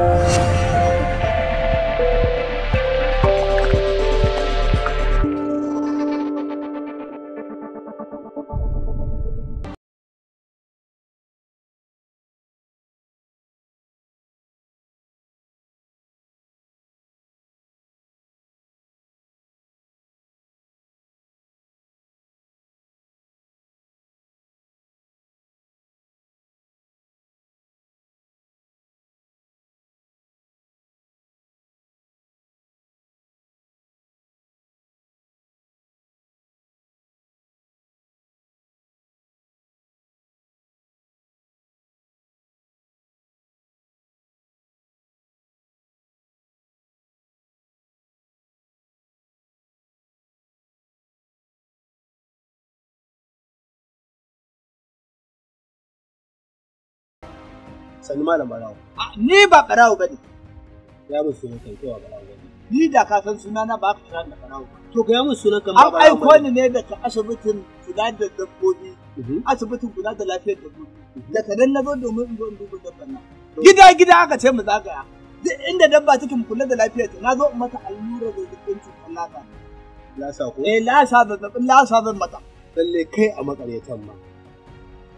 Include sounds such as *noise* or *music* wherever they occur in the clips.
Thank you. sani malam barawo ni ba barawo bane ya mun suna kan kewa barawo bane ni da ka san suna na ba ka san da barawo to ga mun sunan kan barawo an aiko ni ne daga asibitin kula da dabbobi mhm. asibitin kula da lafiyar dabbobi mhm. da nan dan nazo domin in zo in duba dabban nan gida gida aka ce mu zagaya duk inda dabba take mu kula da lafiyarta na zo in mata allura da zazzabin cutar lasa lasa ko eh lasa zazzabin lasa zan mata lalle kai a makaryatan ma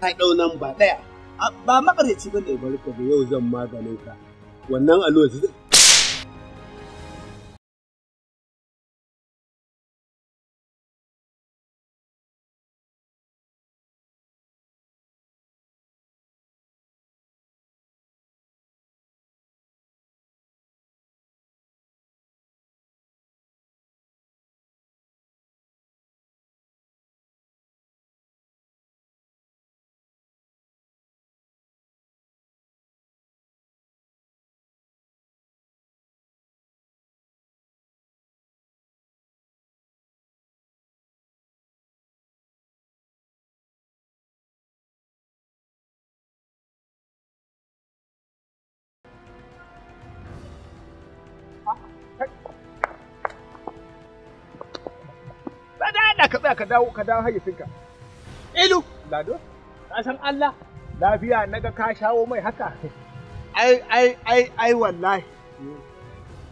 ai ɗau nan ba ɗaya ba makareci bane barka da yau zan maganin ka wannan lokacin tsaya ka tsaya ka dawo ka dawo hayyacinka ilu lado ka san Allah lafiya naga ka shawo mai haka ai ai ai ai wallahi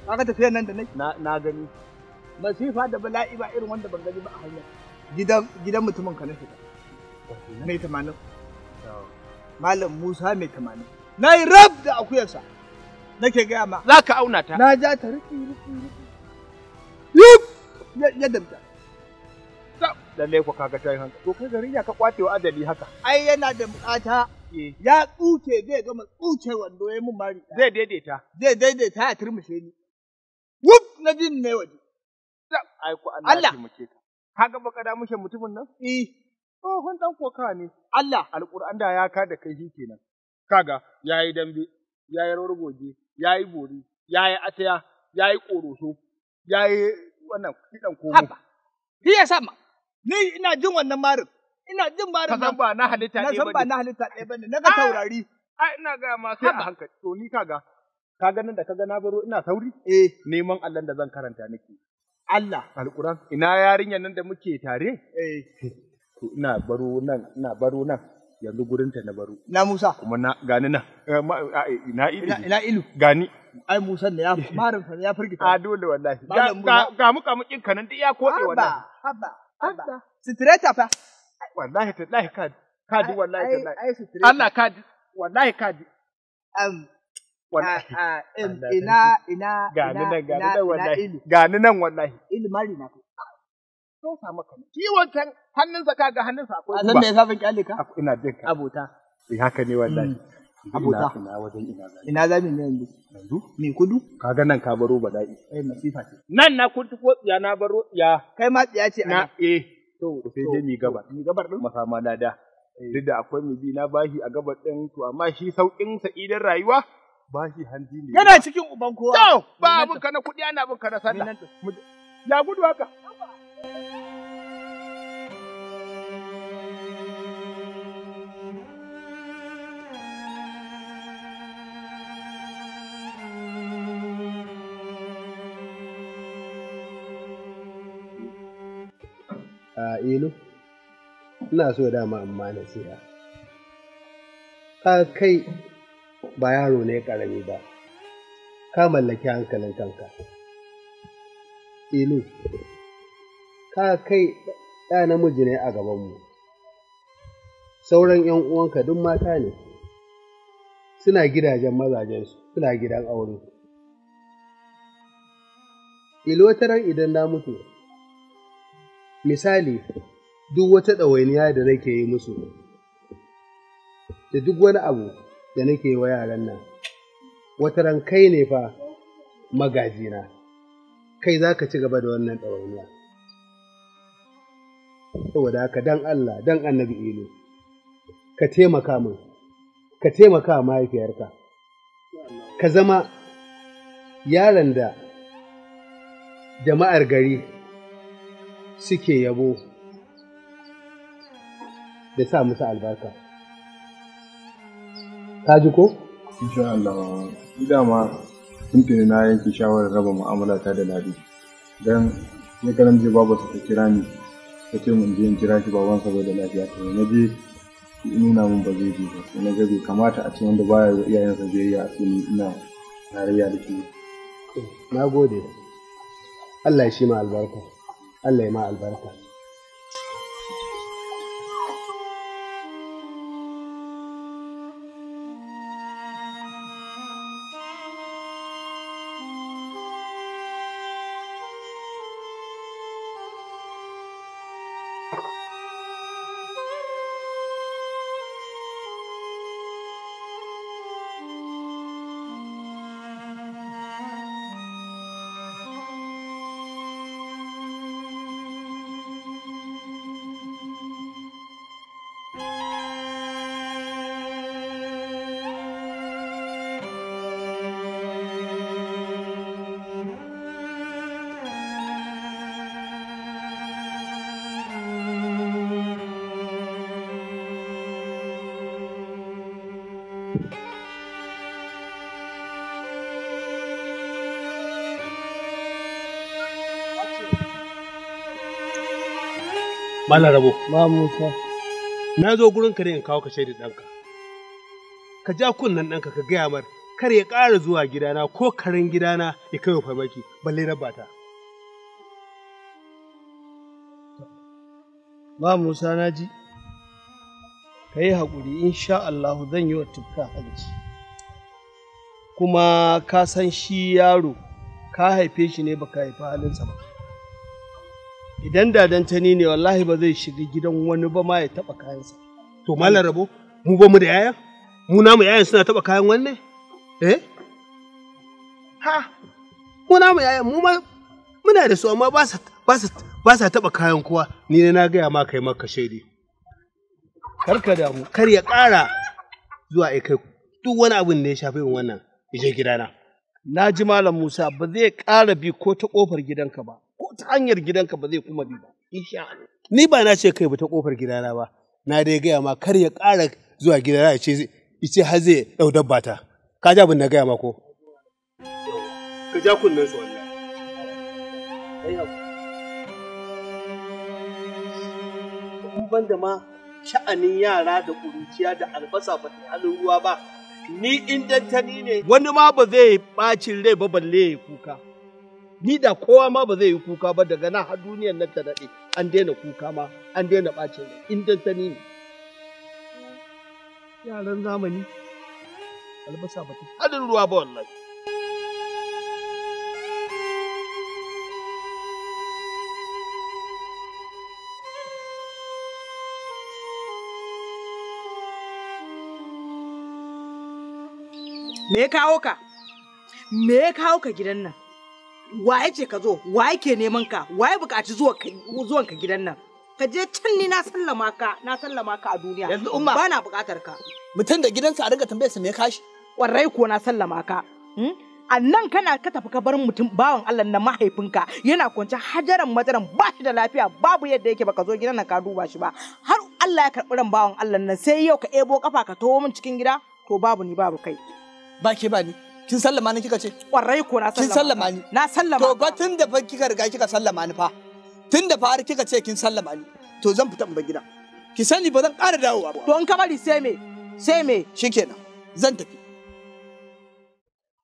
ka tafiya nan da nai? na na gani masifa da bala'i ba irin wanda ban gani ba a hanyar. gidan gidan mutumin ka na shiga mai tamanin malam Musa mai tamanin na yi rab da akuyarsa nake gaya ma za ka auna ta na ja ta riki riki riki yadda lallai ku kaga tayi hankali to kai garin ya ka kwace wa adali haka ai yana da bukata eh. ya tsuke zai gama tsuke wando ya mun mari zai daidaita zai daidaita ya turmushe ni wuf na jin ne waje ai ku Allah muke ka kaga baka da mushe mutumin nan eh oh kun dan koka ne Allah alquran da ya ka da kai shi kenan kaga yayi dambe yayi rorgoje yayi bori yayi ataya yayi koroso yayi wannan kidan komo haba shi ya sama Ni ina jin wannan marin. Ina jin marin. Ka san ba na halitta ɗaya Na san ba na halitta ɗaya bane. Na ga ah! taurari. Ai ah, ina ga ma sai a hankali. To ni kaga. Ka ganin da kaga na baro ina sauri? Eh. Neman Allah da zan karanta nake. Allah. Alƙur'an. Ina yarinyar nan da muke tare? Eh. To ina baro nan, ina baro nan. Yanzu gurinta na baro. Na Musa. Kuma na gani na. Eh, eh, ina ilu. Ina ilu. Gani. ai Musa ne ya marin ya firgita. A *laughs* ah, dole wallahi. Ga muka mukin kanan duk ya koɗe wallahi. Haba haba. sitireta fa wallahi tallahi kadi kadi wallahi tallahi Allah kadi wallahi kadi um ina ina gani nan gani nan wallahi gani nan wallahi ilmari na kai so sa maka shi wancan hannunsa kaga hannunsa akwai a san me yasa ban kyale ka ina jin abota eh haka ne wallahi mm. abota ina zami ne yanzu yanzu me kudu kaga nan ka baro bala'i eh masifa ce nan na kudu ko tsiya na baro tsiya kai ma tsiya ce na eh to sai dai mi gabar mi gabar din masama lada eh. duk da akwai mi bi na bashi a gabar din to amma shi saukin sa idan rayuwa bashi hanji ne yana cikin uban kowa to ba abun ka na kudi ana abun ka na sallah ya gudu haka Aminu, ina so dama amma na siya. Ka kai ba yaro ne ƙarami ba, ka mallaki hankalin kanka. Ilu, ka kai ɗa namiji ne a gabanmu, sauran ‘yan uwanka duk mata ne, suna gidajen mazajensu, suna gidan aure. Ilo wataran idan na mutu, misali duk wata ɗawainiya da nake yi musu da duk wani abu da nake yi wa yaran nan wata ran kai ne fa magajina kai za ka ci gaba da wannan ɗawainiya saboda haka dan Allah dan annabi ilu ka taimaka min ka taimaka mahaifiyarka ka zama yaron da jama'ar gari suke yabo da sa musu albarka. Ka ji ko? Insha Allah, dama tuntuni na yanke shawarar raba mu'amala ta da Ladi. Don ya karan je babu ta kira ni ta ce mun je in kira shi baban saboda lafiya to na je nuna mun ba zai ji ba sai na ga kamata a ce wanda baya ga iyayensa biyayya a cikin ina tarayya da shi. Na gode. Allah shi ma albarka. الله يمع البركه Malam Rabo. Ma Musa. Na zo gurin ka ne in kawo ka shaidar ɗanka. Ka ja kunnen ɗanka ka gaya mar kar ya ƙara zuwa gidana ko karin gidana ya kai wa farmaki balle na bata. Ma Musa na ji. Ka yi haƙuri insha Allah, zan yi wa tufka hanci. Kuma ka san shi yaro ka haife shi ne baka haifi halinsa ba. idan da tani ne wallahi ba zai shiga gidan wani ba ma ya taba kayansa to malam rabo mu ba mu da yaya mu na mu yayan suna taba kayan wani eh ha mu na mu yayan mu ma muna da su amma ba sa ba sa ba sa taba kayan kowa ni ne na gaya ma kai maka shaidi Kar da mu kar ya ƙara zuwa ai kai duk wani abin da ya shafi wannan ya je gidana na ji malam Musa ba zai ƙara bi ko ta ƙofar gidanka ba ta hanyar gidanka ba zai kuma bi ba ni ba na ce kai ba ta kofar gidana ba na dai gaya ma kar ya ƙara zuwa gidana ya ce ce har zai ɗau dabba ta ka ji abin na gaya ma ko ka ja kunnen su wallahi ban da ma sha'anin yara da ƙuruciya da albasa ba ta halin ruwa ba ni in dantani ne wani ma ba zai ɓacin rai ba balle ya kuka ni da kowa ma ba zai yi kuka ba daga na har duniyar nan ta daɗe an daina kuka ma an daina ɓacin rai in dan sani ne yaran zamani albasa ba ta hadin ruwa ba wallahi Me ya kawo ka? Me ya kawo ka gidan nan? wa ce ka zo wa yake neman ka wa bukaci buƙaci zuwan ka gidan nan ka je can ni na sallama ka na sallama ka a duniya yanzu umma bana buƙatar ka mutum da gidansa a riga tambayar sa me kashi warai ko na sallama ka hmm? a nan kana ka tafi ka bar mutum bawan Allah na mahaifinka yana kwance hajaran madaran ba shi da lafiya babu yadda yake baka zo gidan nan ka duba shi ba har Allah ya karbi ran bawan Allah nan sai yau ka ebo kafa ka taho min cikin gida to babu ni babu kai ba ke ba ni kin sallama ni kika ce kwarai ko na sallama kin sallama ni na sallama to ba tun da fa kika riga kika sallama ni fa tun da fa kika ce kin sallama ni to zan fita in bar gida ki sani ba zan ƙara dawowa ba to in ka bari sai me sai me shikenan zan tafi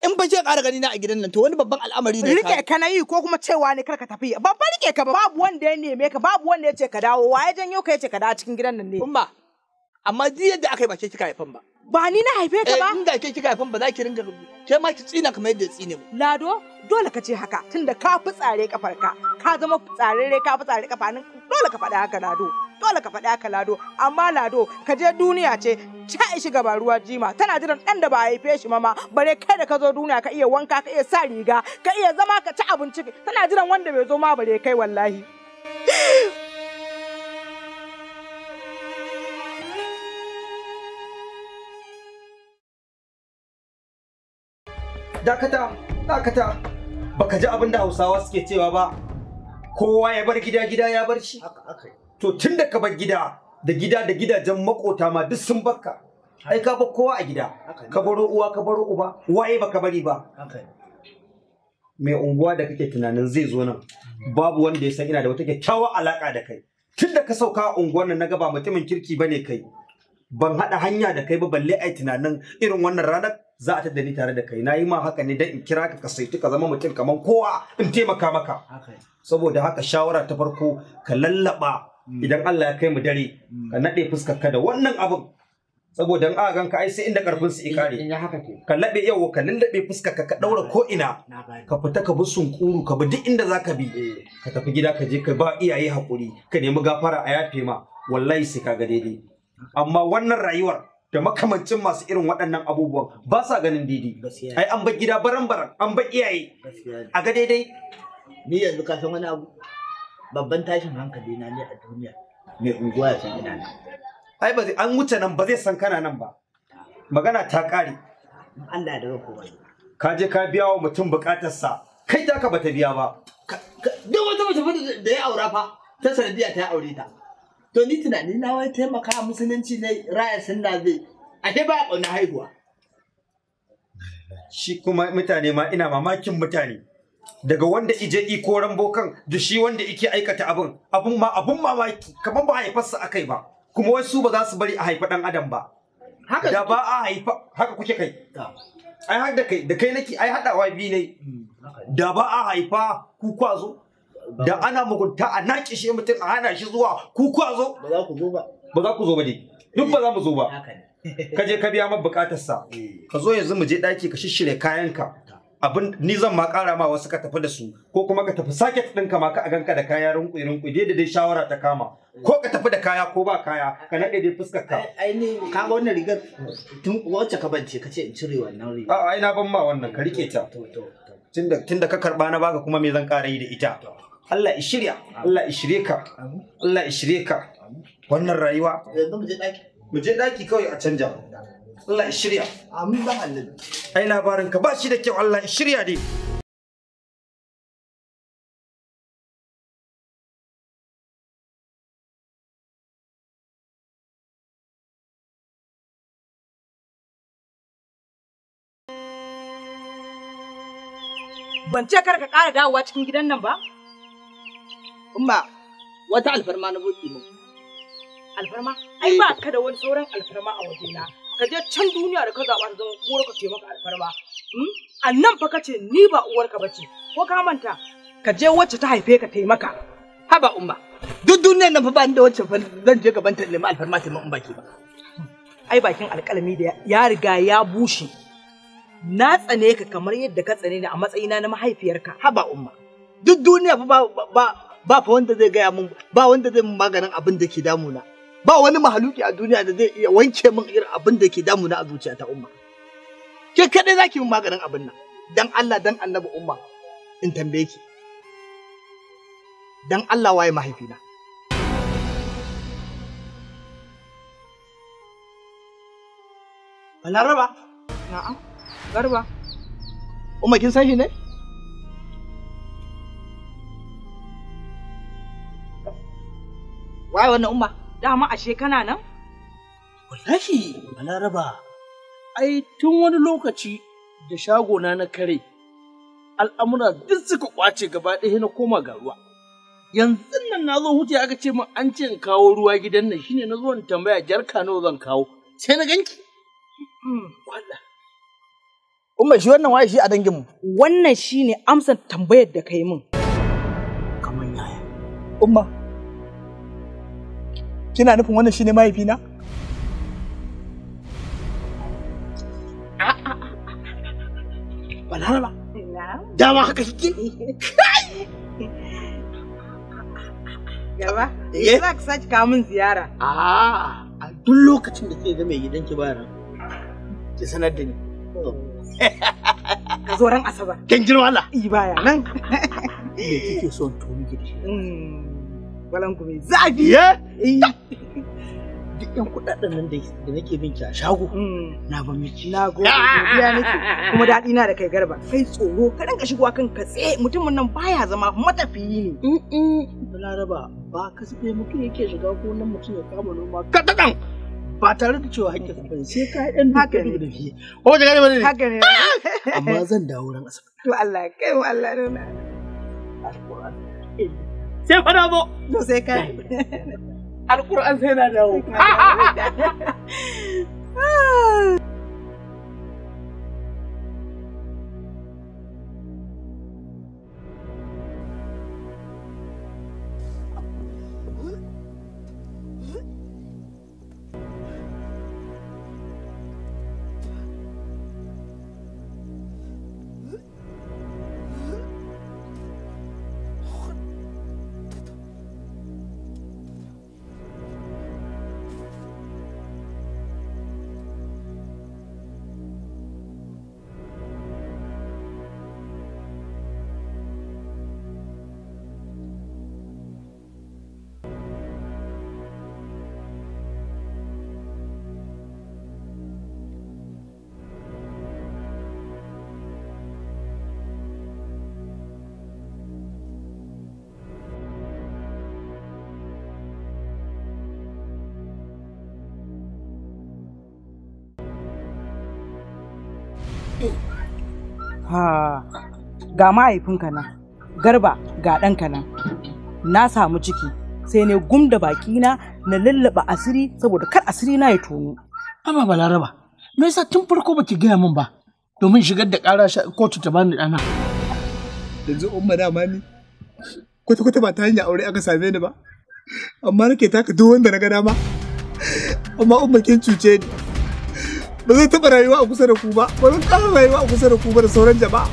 in ba ke ƙara gani na a gidan nan to wani babban al'amari ne rike ka na yi ko kuma cewa ne kar ka tafi babba rike ka babu wanda ya neme ka babu wanda ya ce ka dawo waye janyo ka ya ce ka dawo cikin gidan nan ne amma duk yadda aka yi ba ke kika haifan ba Ba ni na haife ka eh, ba? Eh, inda ke kika haifan ba za ki ringa ke ma ki tsina kamar yadda tsine Lado, dole ka ce haka tunda ka fi tsare kafarka. Ka zama tsarere ka fi tsare kafanin dole ka faɗa haka Lado. Dole ka faɗa haka Lado, amma Lado ka je duniya ce ta ishi gaba ruwa jima tana jiran ɗan da ba haife shi mama bare kai da ka zo duniya ka iya wanka ka iya sa riga ka iya zama ka ci abinci tana jiran wanda bai zo ma bare kai wallahi. dakata dakata baka ji abin da hausawa suke cewa ba kowa ya bar gida gida ya bar shi to tun da ka bar gida da gida da gidajen makota ma duk sun bakka ai ka bar kowa a gida ka baro uwa ka baro uba waye baka bari ba mai unguwa da kake tunanin zai zo nan babu wanda ya san ina da wata kyakkyawar alaka da kai tun da ka sauka a unguwar nan na gaba mutumin kirki bane kai ban haɗa hanya da kai ba balle ai tunanin irin wannan ranar za a tada ni tare da kai Na yi ma haka ne dan in kira ka kasaitu ka zama mutum kaman kowa in taimaka maka saboda haka shawara ta farko ka lallaba mm. idan Allah ya kai mu dare mm. ka nade fuskar ka da wannan abin saboda in aka ganka ai sai inda karfin su ikare eh, eh, ka labe yau ka lallabe fuskar ka ka daura ko ina ka fita ka bi sunkuru ka bi duk inda zaka bi eh. ka tafi gida ka je ka ba iyaye hakuri ka nemi gafara a yafe ma wallahi sai ka ga daidai amma wannan rayuwar da makamancin masu irin waɗannan abubuwan ba sa ganin didi. ai an bar gida baran baran an bar iyaye a ga daidai ni yanzu ka san wani abu babban tashin hankali na ne a duniya mai unguwa ya san ina nan ai ba an wuce nan ba zai san kana nan ba magana ta ƙare Allah da rako ka je ka biya wa mutum bukatarsa kai ka bata biya ba duk wata mace da ya aura fa ta sanadiya ta aure ta to ni tunani na wai taimaka musulunci ne raya sunna zai ashe ba ƙauna haihuwa shi kuma mutane ma ina mamakin mutane daga wanda ije iko rambo kan da shi wanda ike aikata abin abun ma abun mamaki kamar ba haifarsa akai ba kuma wai su ba za su bari a haifa dan adam ba haka da ba a haifa haka kuke kai ai har da kai da kai nake ai hadawa bi mm, ne da ba a haifa ku kwazo da ana mugunta a naki shi mutum a hana shi zuwa ku ku zo ba za ku zo ba ba za ku zo ba ne duk ba za mu zo ba ka je ka biya ma bukatar sa eh. ka zo yanzu mu je daki ka shishire kayan ka abin ni zan ma kara ma wasu ka tafi da su ko kuma ka tafi sake ɗinka ma ka a ganka da kaya rinƙu rinƙu dai da dai shawara ta kama ko ka tafi da kaya ko ba kaya ka naɗe dai fuskar ka ai ni ka ga wannan rigar tun wacce ka bance ka ce in cire wannan rigar a'a ai na ban ma wannan ka rike ta tunda tunda ka karba na baka kuma me zan ƙara yi da ita Allah ya shirya Allah ya shirye ka Allah ya shirye ka wannan rayuwa yanzu mu je daki mu je daki kawai a canja Allah ya shirya amin ba Allah ai labarin ka ba shi da kyau Allah ya shirya dai ban ce kar ka ƙara dawowa cikin gidan nan ba? Umma, wata alfarma na boki mu. Alfarma? Ai ba ka da wani sauran alfarma a wajena. Ka je can duniya da ka zaɓa zama uwar ka ce maka alfarma. Hmm? A nan fa ka ce ni ba uwar ka bace. Ko ka manta? Ka je wacce ta haife ka taimaka. Haba umma. Duk duniyar nan fa ba ni da wacce zan je gaban ta nemi alfarma taimakon baki ba. Ai bakin alƙalami da ya riga ya bushe. na tsane ka kamar yadda ka tsane ni a matsayina na mahaifiyarka haba umma duk duniya ba ba ba fa wanda zai gaya mun ba wanda zai mun maganin abin da ke damuna ba wani mahaluki a duniya da zai iya wanke min irin abin da ke damuna a zuciyata umma ke kadai zaki min maganin abin nan dan Allah dan annabi umma in tambaye ki dan Allah waye mahaifina Balaraba? Na'am, garba. Umma kin san shi ne? Wai wannan umma, dama ashe kana nan? Wallahi, Balaraba, ai tun wani lokaci da shagona na kare, al'amura duk suka kwace gaba ɗaya na koma ga ruwa. Yanzu nan na zo huce aka ce min an ce in kawo ruwa gidan nan shine na zo in tambaya jarka nawa zan kawo. Sai na ganki. Wallah. Umma shi wannan waye shi a danginmu. Wannan shine amsar tambayar da kai min. Kaman yaya. Umma, kina nufin wannan shine mahaifina na dama haka eh? za ka sake kawo min ziyara a duk lokacin da ke ga ba ran ki sanar da ni ka zo ran asabar kin girma Allah i baya nan *laughs* me kike son tuni gidi? Kwalanku mai zafi. Eh. Duk ƴan kuɗaɗen nan da nake bin ki a shago. Mm. Na ban miki. Na gode. Godiya nake. Kuma daɗi na da kai garba. Kai tsoro. Ka dinka shigowa kan ka tsaye. Mutumin nan baya zama matafiyi ne. Balaraba ba kasafai mutum yake shiga gonan mutum ya kama noma kaɗaɗan. ba tare da cewa hakkin ba sai ka ɗan haka da fiye ko ta gane bane haka ne ah! amma zan dawo ran asabar to Allah ya kai mu Allah ya nuna sai fa na zo to sai ka sai na *laughs* *laughs* ah. ha ga mahaifinka nan garba ga ɗanka nan na samu ciki sai ne gum da bakina na lallaba asiri saboda kar asiri na ya tono amma balaraba me yasa tun farko baki gaya min ba domin shigar da ƙara kotu ta bani ɗana yanzu umma dama ni kwata-kwata ba ta hanyar aure aka same ni ba amma nake taka duk wanda na ga dama amma umma kin cuce ni ba zai taɓa rayuwa a kusa da ku ba ba zan ƙara rayuwa a kusa da ku ba da sauran jama'a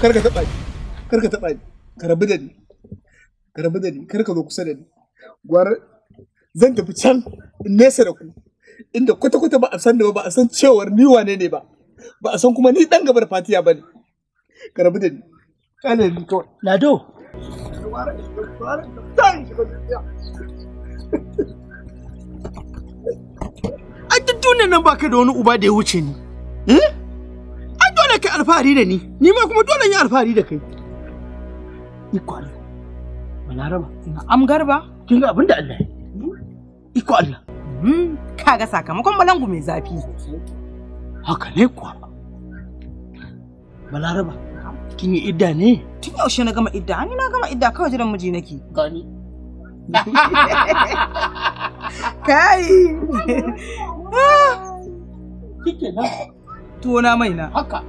kar ka taɓa ni kar ka taba ni ka rabu da ni ka rabu da ni kar ka zo kusa da ni gwar zan tafi can in nesa da ku inda kwata-kwata ba a san da ba a san cewar ni wane ne ba ba a san kuma ni dan gabar fatiya bane ka rabu da ni kana ni kawai lado *laughs* duniyar nan baka da wani uba da ya wuce ni. Eh? Ai dole kai alfahari da ni, ni ma kuma dole yi alfahari da kai. Iko Allah. Balaraba. Am garba. Kin ga abin da Allah ya Iko Allah. Hmm, ka ga sakamakon balangu mai zafi. Haka ne kuwa. Balaraba. Kin yi idda ne? Tun yaushe na gama idda, ni na gama idda kawai jiran miji nake. Gani. *laughs* Kai. *laughs* Kike ah! nan. Tuwo na mai na. Haka.